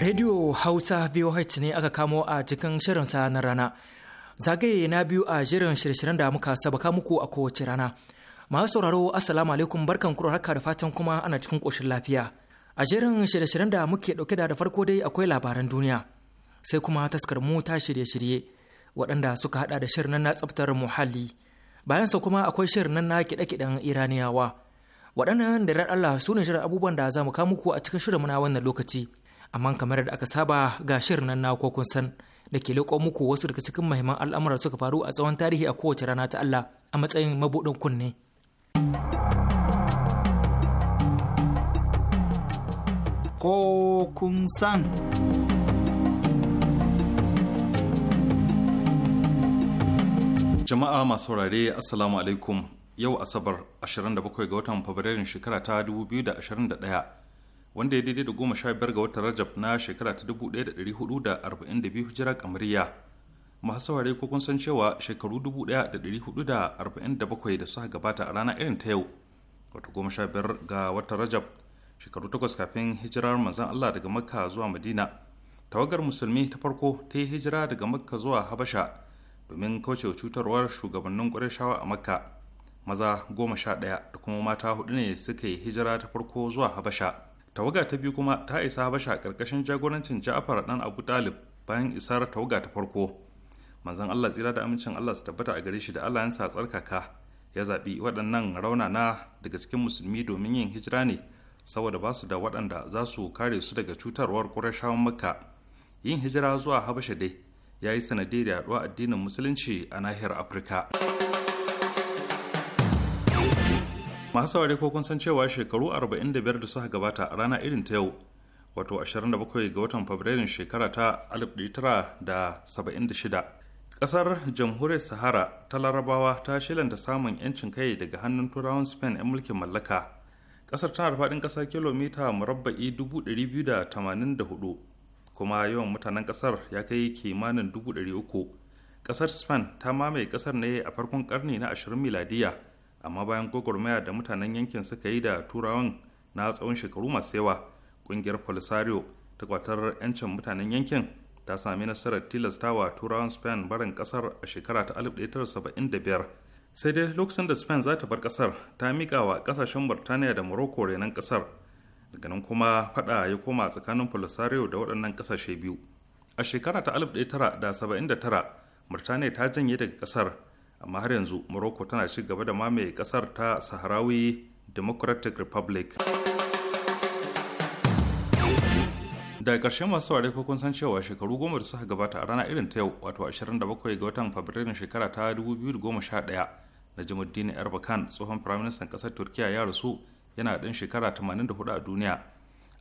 Radio Hausa VOH ne aka kamo a cikin shirinsa na rana. Zagaye na biyu a shirin shirye-shiryen da muka sabaka muku a kowace rana. Masu sauraro Assalamu alaikum barkan kuro haka da fatan kuma ana cikin ƙoshin lafiya. A jerin shirye-shiryen da muke ɗauke da da farko dai akwai labaran duniya. Sai kuma taskar mu ta shirye-shirye waɗanda suka haɗa da shirin na tsaftar muhalli. Bayan Bayansa kuma akwai shirin na kiɗe-kiɗen Iraniyawa. Waɗannan da Allah su ne shirin abubuwan da za mu kawo muku a cikin shirin na wannan lokaci. amma kamar da aka saba ga shirin nan na kun san da ke leƙo muku wasu daga cikin mahimman al'amuran suka faru a tsawon tarihi a kowace rana ta Allah a matsayin mabudin kunne. Ko kun san. Jama'a masu saurare Assalamu alaikum yau Asabar 27 ga watan Fabrairun shekara ta 2021 wanda ya daidai da goma sha biyar ga watan rajab na shekara ta dubu ɗaya da ɗari hudu da arba'in da biyu hijira kamariya masu saurare ko kun san cewa shekaru dubu ɗaya da ɗari hudu da arba'in da bakwai da suka gabata a rana irin ta yau wata goma sha biyar ga watan rajab shekaru takwas kafin hijirar manzon allah daga makka zuwa madina tawagar musulmi ta farko ta yi hijira daga makka zuwa habasha domin kaucewa cutarwar shugabannin ƙwarishawa a makka maza goma sha ɗaya da kuma mata hudu ne suka yi hijira ta farko zuwa habasha tawaga ta biyu kuma ta isa habasha karkashin jagorancin ja'far dan abu dalib bayan isar tawaga ta farko manzon allah tsira da amincin allah su tabbata a gare shi da allah yansa tsarkaka ya zaɓi waɗannan rauna na daga cikin musulmi domin yin hijira ne saboda ba su da waɗanda za su kare su daga cutarwar ƙurashawan makka yin hijira zuwa habasha dai ya yi sanadiyar yaɗuwa addinin musulunci a nahiyar afirka masu saurari ko kun san cewa shekaru 45 da suka gabata a rana irin ta yau wato 27 ga watan fabrairun shekara ta 1976 kasar jamhuriyar sahara ta larabawa ta shilanta samun yancin kai daga hannun turawan spain 'yan mulkin mallaka kasar tana da faɗin ƙasa kilomita murabba'i 284 kuma yawan mutanen kasar ya kai kimanin 300 kasar spain ta mamaye kasar ne a farkon karni na 20 miladiya amma bayan gwagwarmaya da mutanen yankin suka yi da turawan na tsawon shekaru masu yawa ƙungiyar polisario ta kwatar 'yancin mutanen yankin ta sami nasarar tilastawa turawan spain barin kasar a shekara ta 1975 sai dai lokacin da spain za ta bar kasar ta miƙa wa kasashen burtaniya da morocco renon kasar daga nan kuma fada ya koma tsakanin polisario da waɗannan kasashe biyu a shekara ta 1979 burtaniya ta janye daga kasar amma har yanzu morocco tana ci gaba da mamaye kasar ta saharawi democratic republic da ƙarshen masu ware kun san cewa shekaru goma da suka gabata a rana irin ta yau wato 27 ga watan fabrairun shekara ta 2011 na jimuddin erbakan tsohon firaministan ƙasar turkiya ya rasu yana ɗan shekara 84 a duniya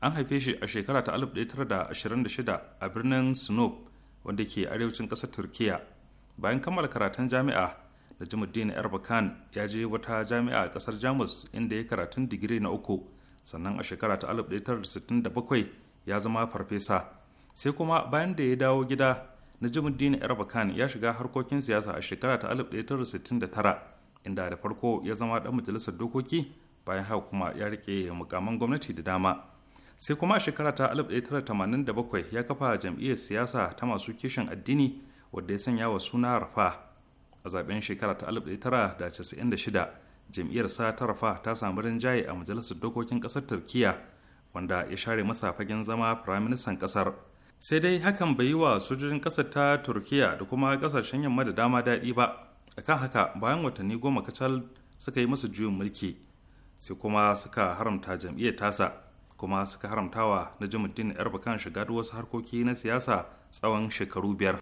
an haife shi a shekara ta 1926 a birnin snoop wanda ke arewacin ƙasar turkiya bayan kammala karatun jami'a najimuddin erbakan ya je wata jami'a a kasar jamus inda ya karatun digiri na uku sannan a shekara ta 1967 ya zama farfesa sai kuma bayan da ya dawo gida na najimuddin erbakan ya shiga harkokin siyasa a shekara ta 1969 inda da farko ya zama dan majalisar dokoki bayan haka kuma ya rike mukaman gwamnati da dama sai kuma a shekara ta 1987 ya kafa jam'iyyar siyasa ta masu kishin addini wadda ya sanya wa suna rafa a zaben shekara ta 1996 jam'iyyar sa ta rafa ta samu rinjaye a majalisar dokokin kasar turkiya wanda ya share masa fagen zama firaministan kasar sai dai hakan bai yi wa sojojin kasar ta turkiya da kuma kasashen yamma da dama daɗi ba a kan haka bayan watanni goma kacal suka yi masa juyin mulki sai kuma suka haramta jam'iyyar tasa kuma suka haramtawa na jimuddin erbakan shiga da wasu harkoki na siyasa tsawon shekaru biyar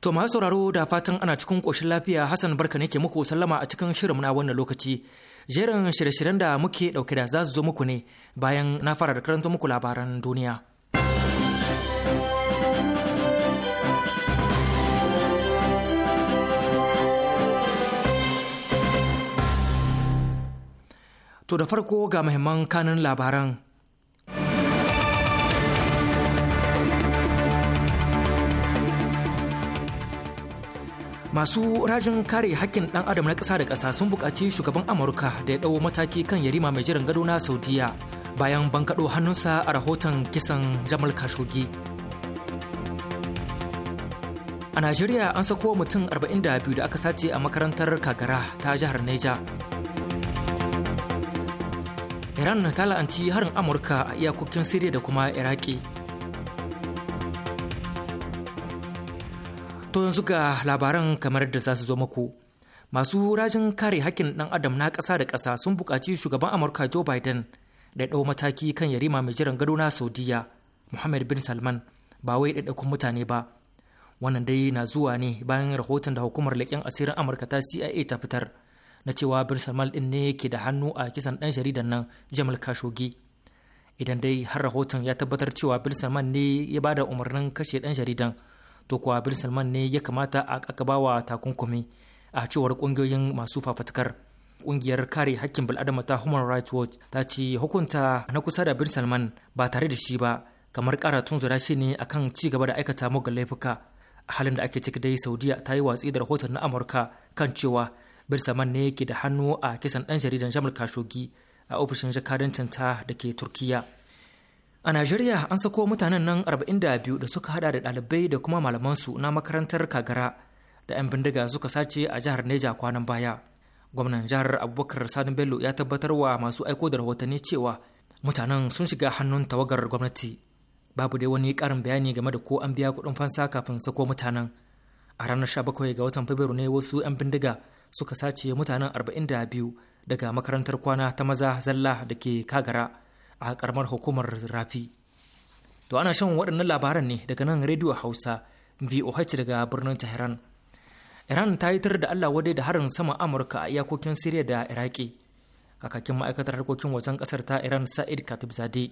To masu sauraro da fatan ana cikin ƙoshin lafiya Hassan barka ne ke muku sallama a cikin shirin na wannan lokaci. Jerin shirye-shiryen da muke ɗauke da za su zo muku ne bayan na fara da karanta muku labaran duniya. To da farko ga muhimman kanin labaran. masu rajin kare hakkin ɗan adam na ƙasa da ƙasa sun buƙaci shugaban amurka da ya ɗau mataki kan yarima mai jiran gado na saudiya bayan bankaɗo hannunsa a rahoton kisan jamal khashoggi a najeriya an sako mutum 42 da aka sace a makarantar Kagara ta jihar neja iran ta la'anci harin amurka a iyakokin siriya da kuma iraki To yanzu ga labaran kamar da za su zo muku Masu rajin kare hakkin ɗan adam na ƙasa da ƙasa sun buƙaci shugaban Amurka Joe Biden da ɗau mataki kan yarima mai jiran gado na Saudiya Muhammad bin Salman ba wai ɗaiɗaikun mutane ba. Wannan dai na zuwa ne bayan rahoton da hukumar leƙen asirin Amurka ta CIA ta fitar na cewa bin Salman ɗin ne ke da hannu a kisan ɗan jaridan nan Jamal Khashoggi. Idan dai har rahoton ya tabbatar cewa bin Salman ne ya ba da umarnin kashe ɗan jaridan to kuwa bin salman ne ya kamata a kakabawa takunkumi a cewar kungiyoyin masu fafatakar kungiyar kare hakkin bil'adama ta human rights watch ta ce hukunta na kusa da bin salman ba tare da shi ba kamar kara zura shi ne akan ci gaba da aikata mugan laifuka a halin da ake ciki dai saudiya ta yi watsi da rahoton na amurka kan cewa bin salman ne ke da hannu a kisan dan jaridan jamal kashogi a ofishin jakadancin ta da ke turkiya A Najeriya an sako mutanen nan 42 da suka hada da ɗalibai da kuma malamansu na makarantar Kagara da 'yan bindiga suka sace a jihar Neja kwanan baya. Gwamnan jihar Abubakar Sani Bello ya tabbatar wa masu aiko da rahotanni cewa mutanen sun shiga hannun tawagar gwamnati. Babu dai wani karin bayani game da ko an biya kuɗin fansa kafin sako mutanen. A ranar 17 ga watan Fabrairu ne wasu 'yan bindiga suka sace mutanen 42 daga makarantar kwana ta maza zalla da ke Kagara. a karamar hukumar rafi to ana shan waɗannan labaran ne daga nan rediyo hausa voh daga birnin tehran iran ta yi da allah wadai da harin sama amurka a iyakokin siriya da iraki kakakin ma'aikatar harkokin wajen ƙasar ta iran sa'id katibzade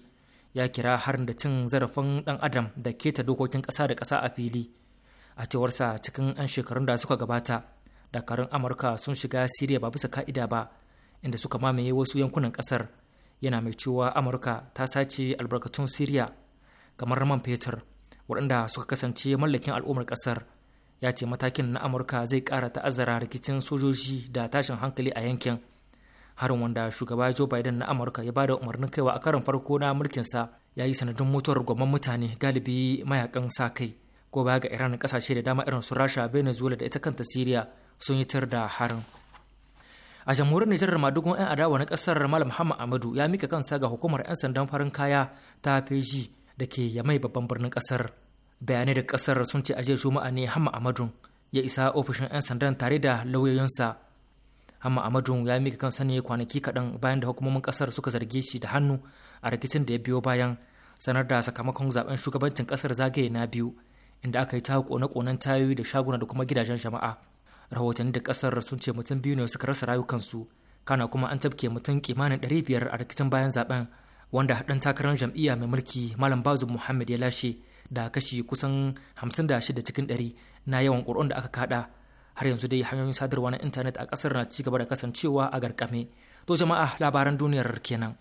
ya kira harin da cin zarafin dan adam da keta dokokin kasa da ƙasa a fili a cewarsa cikin an shekarun da suka gabata dakarun amurka sun shiga siriya ba bisa ka'ida ba inda suka mamaye wasu yankunan kasar yana mai cewa amurka ta sace albarkatun siriya kamar man fetur waɗanda suka kasance mallakin al'ummar ƙasar ya ce matakin na amurka zai ƙara ta'azzara rikicin sojoji da tashin hankali a yankin harin wanda shugaba joe biden na amurka ya bada umarnin kaiwa a karon farko na mulkinsa ya yi sanadin mutuwar gwamman mutane galibi mayakan sa kai ko ga iran kasashe da dama irin su rasha venezuela da ita kanta syria sun yi tar da harin a jamhuriyar nijar madugun 'yan adawa na kasar malam muhammad amadu ya mika kansa ga hukumar 'yan sandan farin kaya ta feji da ke ya mai babban birnin kasar bayanai da kasar sun ce ajiye juma'a ne hamma amadu ya isa ofishin 'yan sandan tare da lauyoyinsa hamma amadu ya mika kansa ne kwanaki kaɗan bayan da hukumomin kasar suka zarge shi da hannu a rikicin da ya biyo bayan sanar da sakamakon zaben shugabancin kasar zagaye na biyu inda aka yi ta kone-konen tayoyi da shaguna da kuma gidajen jama'a rahotanni da kasar sun ce mutum biyu ne suka rasa rayukansu kana kuma an tafke mutum kimanin 500 a rikicin bayan zaben wanda haɗin takarar jam'iyya mai mulki malam bazu muhammad ya lashe da kashi kusan 56 cikin 100 na yawan ƙuri'un da aka kada har yanzu dai hanyoyin sadarwa na intanet a ƙasar na ci gaba da kasancewa a garkame to jama'a labaran duniyar kenan.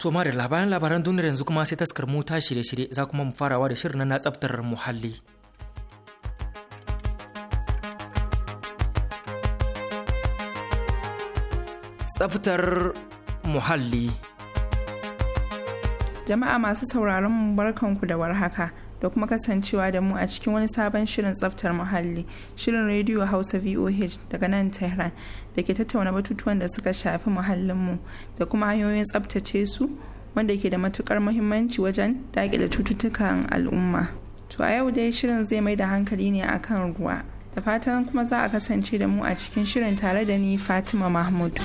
To da labaran labaran duniyar yanzu kuma sai taskar mota shirye-shirye za kuma mu farawa da shirin na tsaftar muhalli. Tsaftar muhalli. Jama'a masu sauraron barkanku da warhaka. da kuma kasancewa da mu a cikin wani sabon shirin tsaftar muhalli shirin rediyo hausa voh daga nan tehran da ke tattauna batutuwan da suka shafi muhallinmu da kuma hanyoyin tsaftace su wanda ke da matukar muhimmanci wajen daƙile cututtukan al'umma to a yau dai shirin zai mai da hankali ne akan ruwa da fatan kuma za a kasance da mu a cikin shirin tare da ni fatima mahmud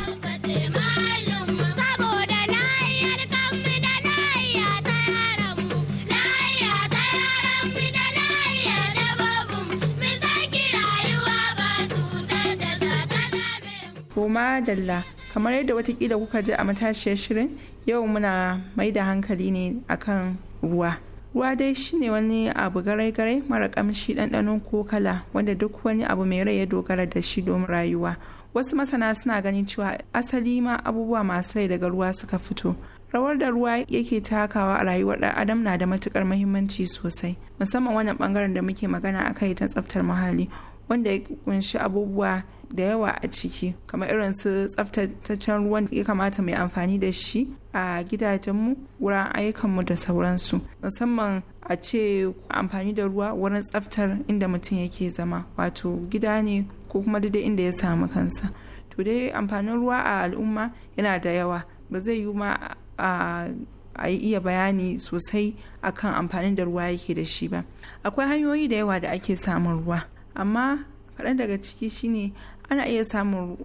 Goma Dalla kamar yadda watakila kuka ji a matashiyar shirin yau muna mai da hankali ne akan ruwa. Ruwa dai shine wani abu garai-garai mara kamshi ɗanɗano ko kala wanda duk wani abu mai rai ya dogara da shi domin rayuwa. Wasu masana suna ganin cewa asali ma abubuwa masu rai daga ruwa suka fito. rawar da ruwa yake takawa a rayuwar ɗan adam na da matukar muhimmanci sosai musamman wannan bangaren da muke magana a kai ta tsaftar muhalli wanda ya kunshi abubuwa da yawa a ciki kamar irin su tsaftataccen ruwan ya kamata mai amfani da shi a gidajenmu wurin ayyukanmu da sauransu musamman a ce amfani da ruwa wurin tsaftar inda mutum yake zama wato gida ne ko kuma daidai inda ya samu kansa to dai amfanin ruwa a al'umma yana da yawa ba zai yi ma a a yi iya bayani sosai akan amfanin da ruwa yake da shi ba akwai hanyoyi da yawa da ake samun ruwa amma kaɗan daga ciki shine ana iya samun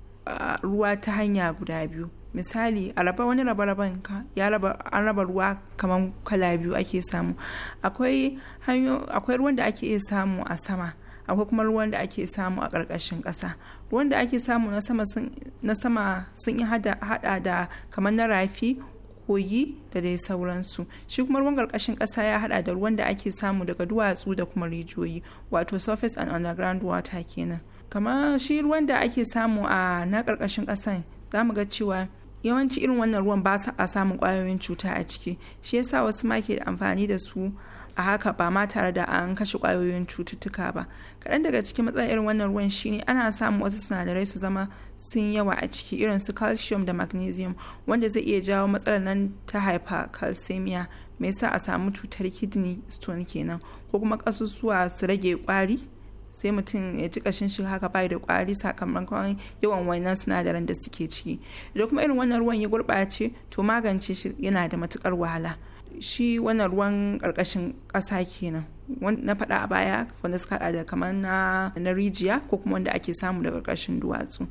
ruwa ta hanya guda biyu misali a raba wani raban ka ya raba an raba ruwa kamar kala biyu ake samu akwai ruwan da ake iya samu a sama akwai kuma ruwan da ake samu a ƙarƙashin ƙasa ruwan da ake samu na sama sun yi hada da kamar na rafi kogi da dai sauransu shi kuma ruwan karkashin kasa ya hada da ruwan da ake samu daga duwatsu da kuma rijiyoyi wato surface and underground water kenan kamar shi ruwan da ake samu a na karkashin ƙasan za mu ga cewa yawanci irin wannan ruwan ba sa samun kwayoyin cuta a ciki shi yasa wasu ma ke amfani da su a haka ba ma tare da an kashe kwayoyin cututtuka ba kaɗan daga cikin matsalar irin wannan ruwan shine ana samun wasu sinadarai su zama sun yawa a ciki irin su calcium da magnesium wanda zai iya jawo matsalar nan ta hypercalcemia mai sa a samu cutar kidney stone kenan ko kuma ƙasusuwa su rage ƙwari sai mutum ya ji kashin shi haka bai da kwari sakamakon yawan wannan sinadaran da suke ciki idan kuma irin wannan ruwan ya gurɓace to magance shi yana da matukar wahala shi wannan ruwan ƙarƙashin ƙasa kenan na faɗa a baya wanda suka haɗa da kamar na rijiya ko kuma wanda ake samu da ƙarƙashin duwatsu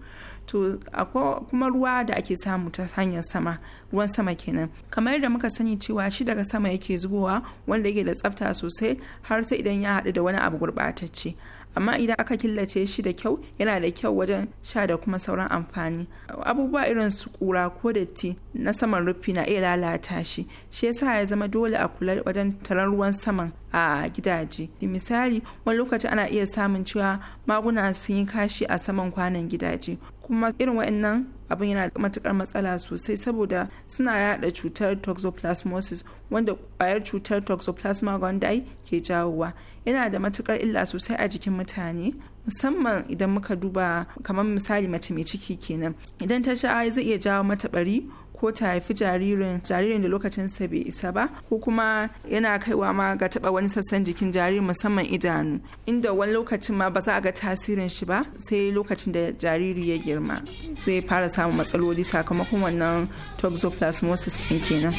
to akwai kuma ruwa da ake samu ta hanyar sama ruwan sama kenan kamar da muka sani cewa shi daga sama yake zubowa wanda yake da tsafta sosai har sai idan ya haɗu da wani abu gurɓatacce amma idan aka killace shi da kyau yana da kyau wajen sha da kuma sauran amfani abubuwa irin su kura ko datti na saman rufi na iya lalata shi shi yasa ya zama dole a kula wajen taron ruwan saman a gidaje misali wani lokaci ana iya samun cewa maguna sun yi kashi a saman kwanan gidaje kuma irin waɗannan abin yana da matukar matsala sosai saboda suna yada cutar toxoplasmosis wanda kwayar cutar toxoplasma gondii ke jawowa yana da matukar illa sosai a jikin mutane musamman idan muka duba kamar misali mace mai ciki kenan idan ta sha zai iya jawo mata bari ko ta haifi jaririn jaririn da lokacin sa bai isa ba ko kuma yana kaiwa ma ga taba wani sassan jikin jaririn musamman idanu inda wani lokacin ma ba za a ga tasirin shi ba sai lokacin da jariri ya girma sai fara samun matsaloli sakamakon wannan toxoplasmosis ɗin kenan.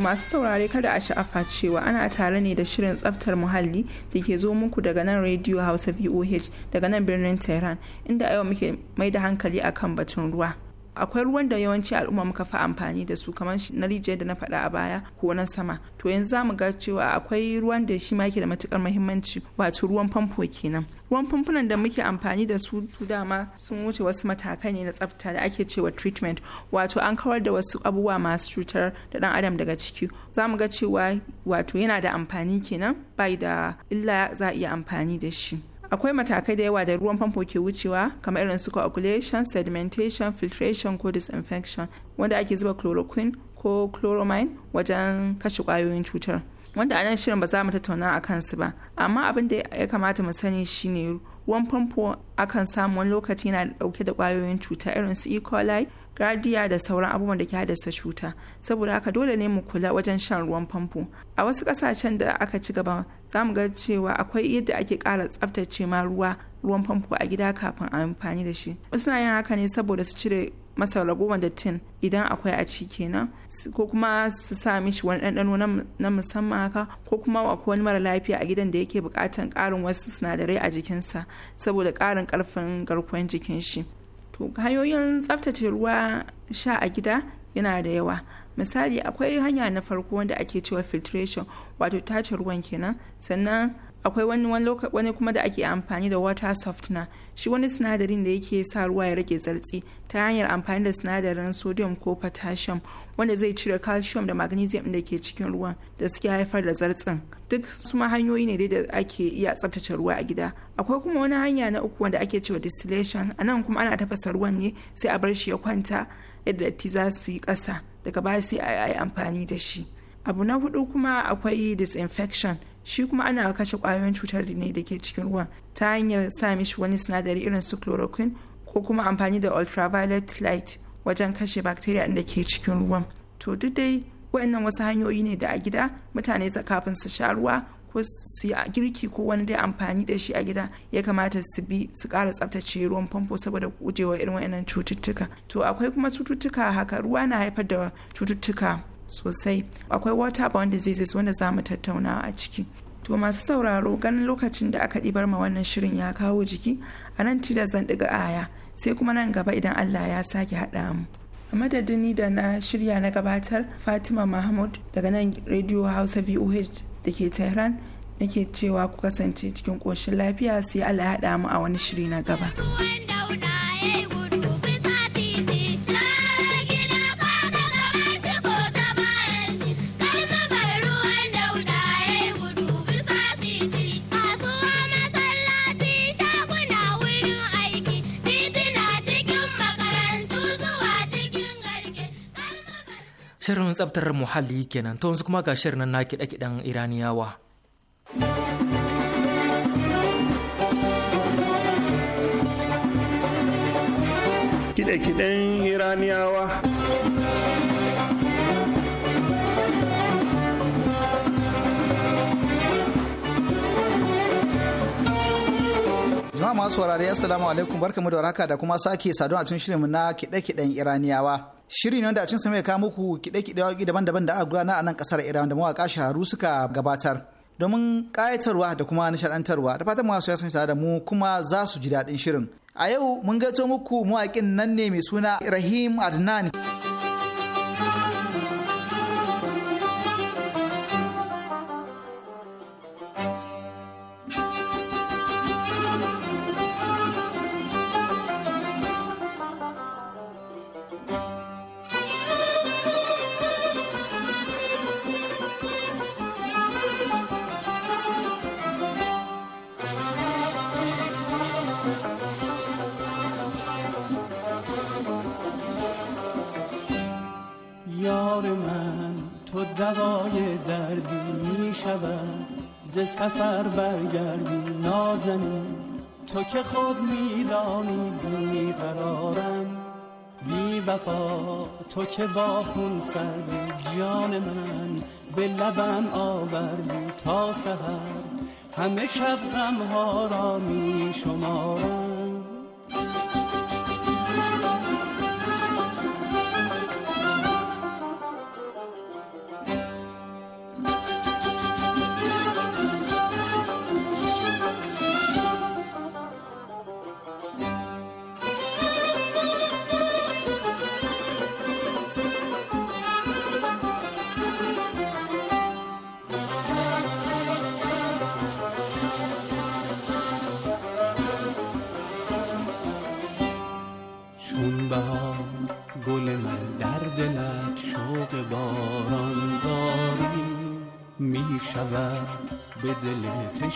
masu saurare kada a sha'afa cewa ana tare ne da shirin tsaftar muhalli da ke zo muku daga nan radio hausa voh daga nan birnin tehran inda a yau muke mai da hankali akan batun ruwa akwai ruwan da yawanci al'umma muka fi amfani da su kamar na rijiyar da na faɗa a baya ko na sama to yanzu za mu ga cewa akwai ruwan da shi ma yake da matukar muhimmanci wato ruwan famfo kenan ruwan famfunan da muke amfani da su dama sun wuce wasu matakai ne na tsafta da ake cewa treatment wato an kawar da wasu abubuwa masu cutar da dan adam daga ciki za mu ga cewa wato yana da amfani kenan bai da illa za a iya amfani da shi akwai matakai da yawa da ruwan famfo ke wucewa kamar irin su coagulation sedimentation filtration ko disinfection wanda ake zuba chloroquine ko chloramine wajen kashe kwayoyin cutar wanda a nan shirin ba za mu tattauna a kansu ba amma abin da ya kamata mu sani shine ruwan famfo akan samu wani lokaci yana dauke da kwayoyin cuta irin su e. coli radiya da sauran abubuwan da ke haddasa cuta saboda haka dole ne mu kula wajen shan ruwan famfo a wasu kasashen da aka ci gaba za mu ga cewa akwai yadda ake kara tsaftace ma ruwa ruwan famfo a gida kafin a amfani da shi wasu na yin haka ne saboda su cire masa ragowar dattin idan akwai a ci kenan ko kuma su sa mishi wani ɗanɗano na musamman haka ko kuma akwai wani mara lafiya a gidan da yake buƙatar ƙarin wasu sinadarai a jikinsa saboda ƙarin ƙarfin garkuwar jikin shi to hanyoyin tsaftace ruwa sha a gida yana da yawa misali akwai hanya na farko wanda ake cewa filtration wato tace ruwan kenan sannan akwai wani wani kuma da ake amfani da water softener shi wani sinadarin da yake sa ruwa ya rage zartsi ta hanyar amfani da sinadarin sodium ko potassium wanda zai cire calcium da magnesium da ke cikin ruwan da suke haifar da zartsin duk su ma hanyoyi ne da ake iya tsaftace ruwa a gida akwai kuma wani hanya na uku wanda ake cewa distillation a nan kuma ana tafasa ruwan ne sai a bar shi ya kwanta yadda datti za su yi kasa daga baya sai a yi amfani da shi abu na hudu kuma akwai disinfection shi kuma ana kashe kwayoyin cutar ne da ke cikin ruwan ta hanyar sa mishi wani sinadari irin su chloroquine ko kuma amfani da ultraviolet light wajen kashe bakteriya da ke cikin ruwan to duk dai waɗannan wasu hanyoyi ne da a gida mutane kafin su sha ruwa ko su yi girki ko wani dai amfani da shi a gida ya kamata su bi su ƙara tsaftace ruwan famfo saboda gujewa irin waɗannan cututtuka to akwai kuma cututtuka haka ruwa na haifar da cututtuka sosai akwai waterborne diseases wanda za mu tattauna a ciki to masu sauraro ganin lokacin da aka ɗibar ma wannan shirin ya kawo jiki a nan tilas zan ɗiga aya sai kuma nan gaba idan allah ya sake haɗa mu a madadin ni da na shirya na gabatar fatima mahmud daga nan radio hausa voh da ke tehran nake cewa ku kasance cikin ƙoshin lafiya sai allah ya haɗa mu a wani shiri na gaba. Shirin tsaftar muhalli kenan to yanzu kuma ga shirin na kiɗe-kiɗen Iraniyawa. Kiɗe-kiɗen Iraniyawa. Jama'a masu warare Assalamu alaikum barkamu da waraka da kuma sake saduwa a cikin shirinmu na kiɗe-kiɗen Iraniyawa. Shirin wanda a cin sa mai kawo muku kiɗe-kiɗe waƙi daban-daban da aka gudanar a nan ƙasar Iran da mawaƙa shaharu suka gabatar. Domin ƙayatarwa da kuma nishaɗantarwa da fatan masu yasan tare da mu kuma za su ji daɗin shirin. A yau mun gaito muku mawaƙin nan ne mai suna Rahim Adnan. دوای دردی می شود ز سفر برگردی نازنین تو که خود میدانی بی قرارم بی وفا تو که با خون سردی جان من به لبم آوردی تا سهر همه شب غمها را می شمارم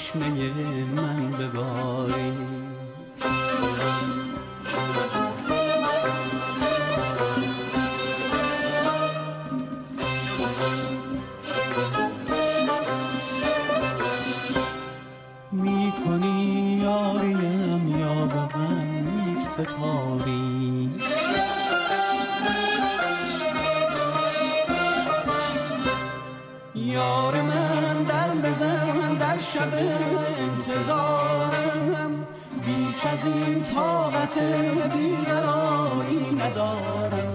چشمه من بباری می کنی یاریم یا با من می سپاری شب انتظارم بیش از این طاقت بیقراری ندارم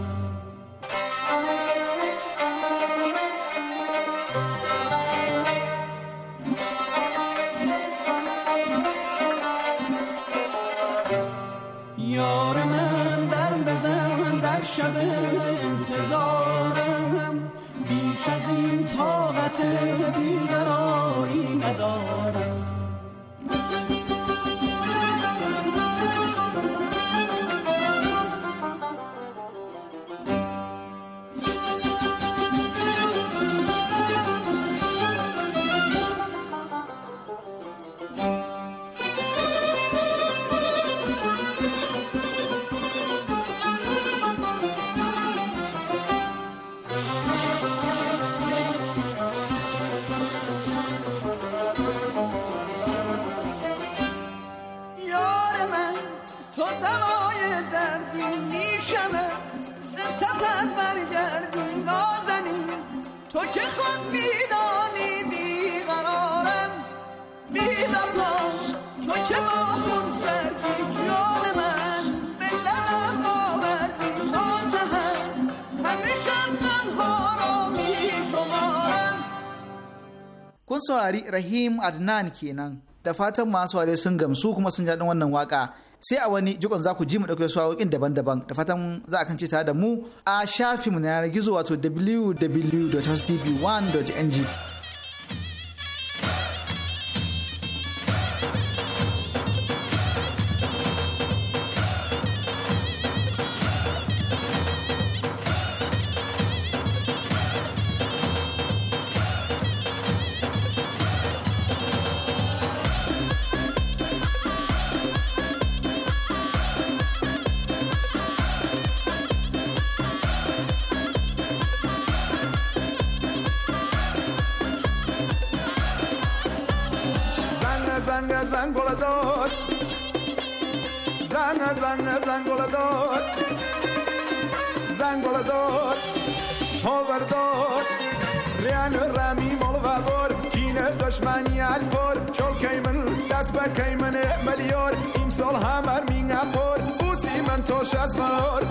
saurari Rahim Adnan kenan da fatan masu saurari sun gamsu kuma sun jaɗin wannan waka sai a wani jikon za ku ji mu ɗauke su waƙoƙin daban-daban da fatan za a kan tare da mu a shafinmu na yanar gizo wato www.hostv1.ng تاش از بهار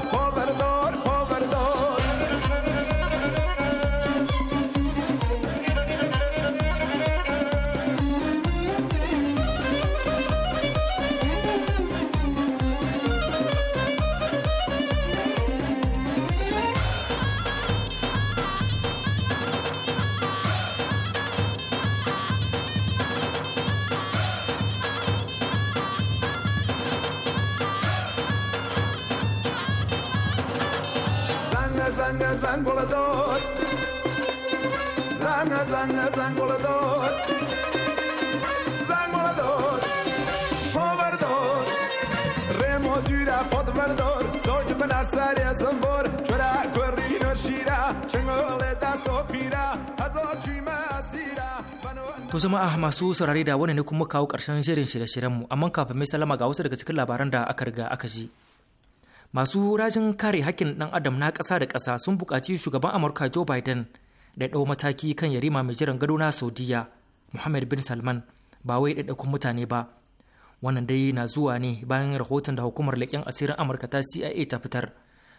zanga, zangolador. a Remo pod verdor, ah, masu saurare da wani ne kuma kawo ƙarshen jerin shirye-shiryenmu, amma kafin mai salama ga wasu daga cikin labaran da aka riga aka ji. masu rajin kare hakkin ɗan adam na kasa da kasa sun buƙaci shugaban amurka joe biden da ɗau mataki kan yarima mai jiran gado na saudiya muhammad bin salman ba wai ɗaiɗaikun mutane ba wannan dai na zuwa ne bayan rahoton da hukumar leƙen asirin amurka ta cia ta fitar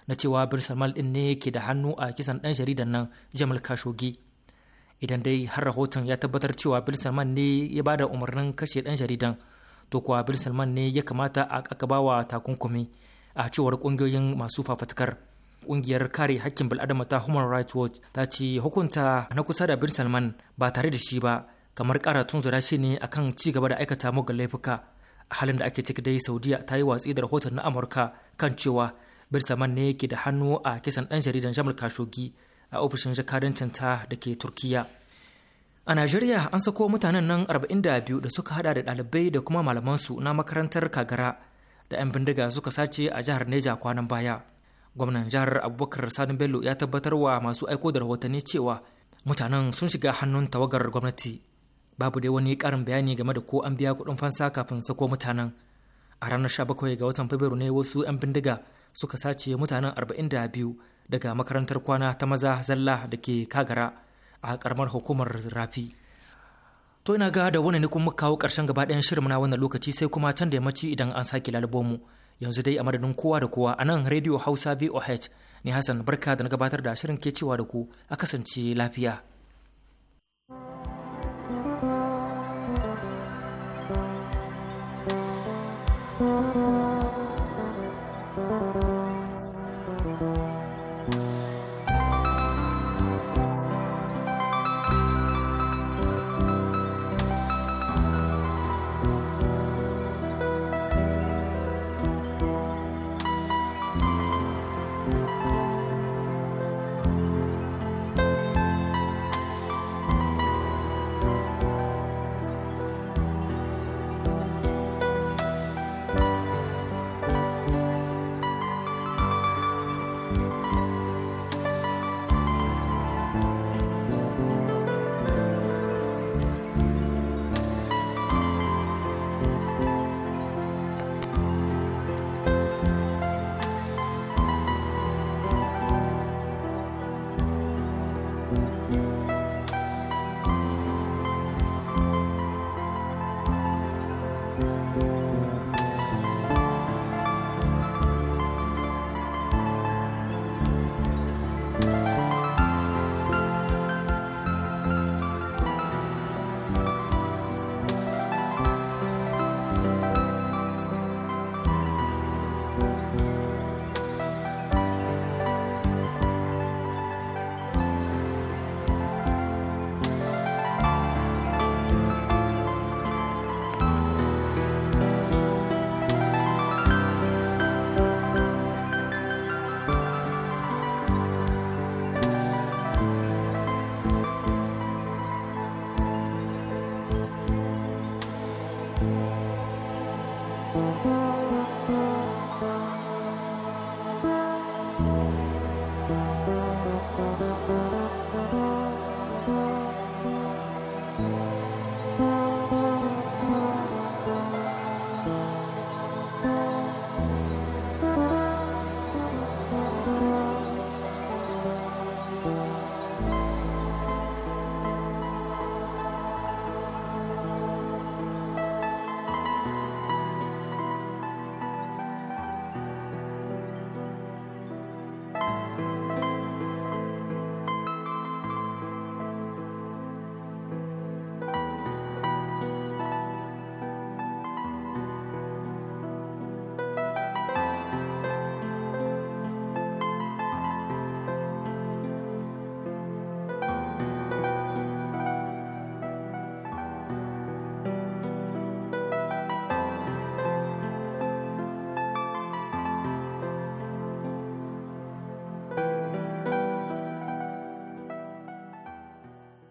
na cewa bin salman ɗin ne ke da hannu a kisan ɗan jaridan nan jamal kashogi idan dai har rahoton ya tabbatar cewa bin salman ne ya bada umarnin kashe ɗan jaridan to kuwa bin salman ne ya kamata a kakabawa takunkumi a cewar ƙungiyoyin masu fafatakar. Ƙungiyar kare hakkin bil'adama ta Human Rights Watch ta ce hukunta na kusa da bin Salman ba tare da shi ba kamar ƙara zura shi ne akan ci gaba da aikata mugan laifuka. A halin da ake ciki dai Saudiya ta yi watsi da rahoton na Amurka kan cewa bin Salman ne yake da hannu a kisan ɗan jaridan Jamal kashogi a ofishin jakadancin ta da ke Turkiya. A Najeriya an sako mutanen nan 42 da suka hada da ɗalibai da kuma malamansu na makarantar Kagara da 'yan bindiga suka sace a jihar Neja kwanan baya. gwamnan jihar abubakar sani bello ya tabbatar wa masu aiko da rahotanni cewa mutanen sun shiga hannun tawagar gwamnati babu dai wani karin bayani game da ko an biya kuɗin fansa kafin sako mutanen a ranar 17 ga watan fabrairu ne wasu 'yan bindiga suka sace mutanen 42 daga makarantar kwana ta maza zalla da ke kagara a karamar hukumar rafi to ina ga da wani ne kuma kawo karshen gaba ɗayan shirin na wannan lokaci sai kuma can da yammaci idan an sake lalubo mu yanzu dai a madadin kowa da kowa a nan radio hausa voh ne hassan barka da na gabatar da shirin ke cewa da ku a kasance lafiya